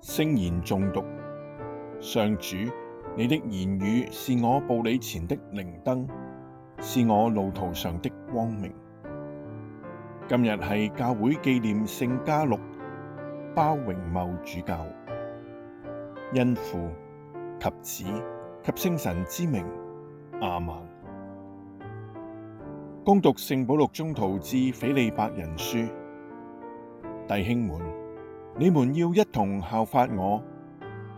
聖言誦讀，上主，你的言語是我步你前的靈燈，是我路途上的光明。今日係教會紀念聖嘉祿，鮑榮茂主教，因父及子及聖神之名，阿門。恭讀聖保祿宗徒致斐理伯人書，弟兄們。你們要一同效法我，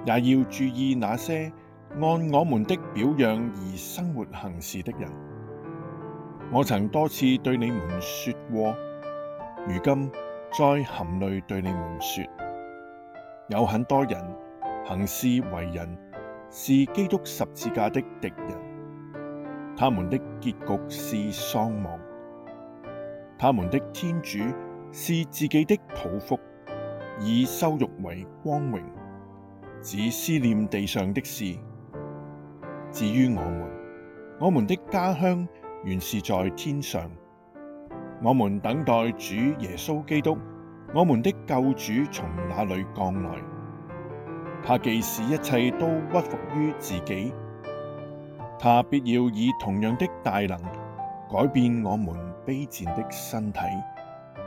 也要注意那些按我們的表樣而生活行事的人。我曾多次對你們說過，如今再含淚對你們說，有很多人行事為人是基督十字架的敵人，他們的結局是喪亡，他們的天主是自己的肚腹。以羞辱為光榮，只思念地上的事。至於我們，我們的家鄉原是在天上。我們等待主耶穌基督，我們的救主從那裏降來，他既使一切都屈服於自己，他必要以同樣的大能改變我們卑賤的身體，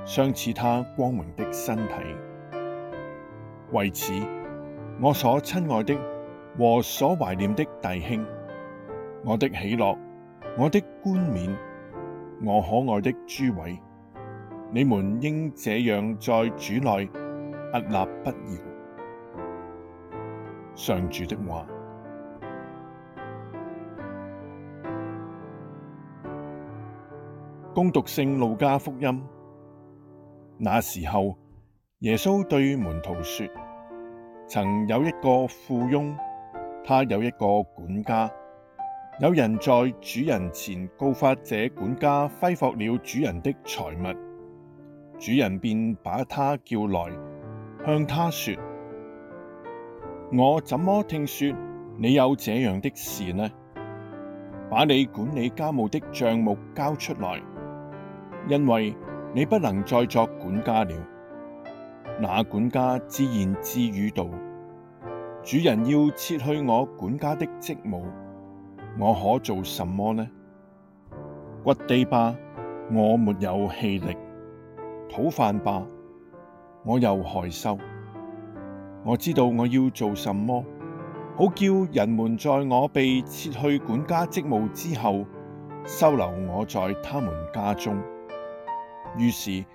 相似他光榮的身體。為此，我所親愛的和所懷念的弟兄，我的喜樂，我的冠冕，我可愛的諸位，你們應這樣在主內屹立不搖。上主的話。恭讀聖路加福音，那時候。耶穌對門徒說：曾有一個富翁，他有一個管家。有人在主人前告發這管家揮霍了主人的財物，主人便把他叫來，向他說：我怎麼聽說你有這樣的事呢？把你管理家務的賬目交出來，因為你不能再作管家了。那管家自言自語道：主人要撤去我管家的職務，我可做什麼呢？掘地吧，我沒有氣力；討飯吧，我又害羞。我知道我要做什麼，好叫人們在我被撤去管家職務之後，收留我在他們家中。於是。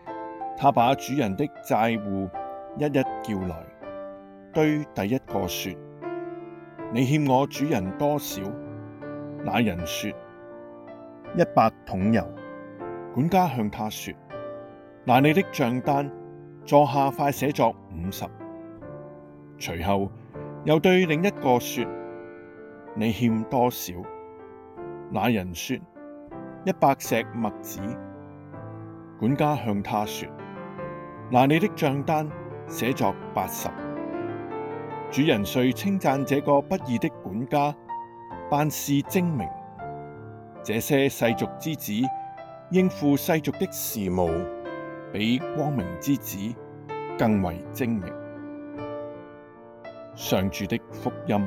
他把主人的債戶一一叫來，對第一個說：你欠我主人多少？那人說：一百桶油。管家向他說：拿你的賬單，坐下快寫作五十。隨後又對另一個說：你欠多少？那人說：一百石麥子。管家向他說。拿你的賬單寫作八十，主人遂稱讚這個不義的管家辦事精明。這些世俗之子應付世俗的事務，比光明之子更為精明。上主的福音。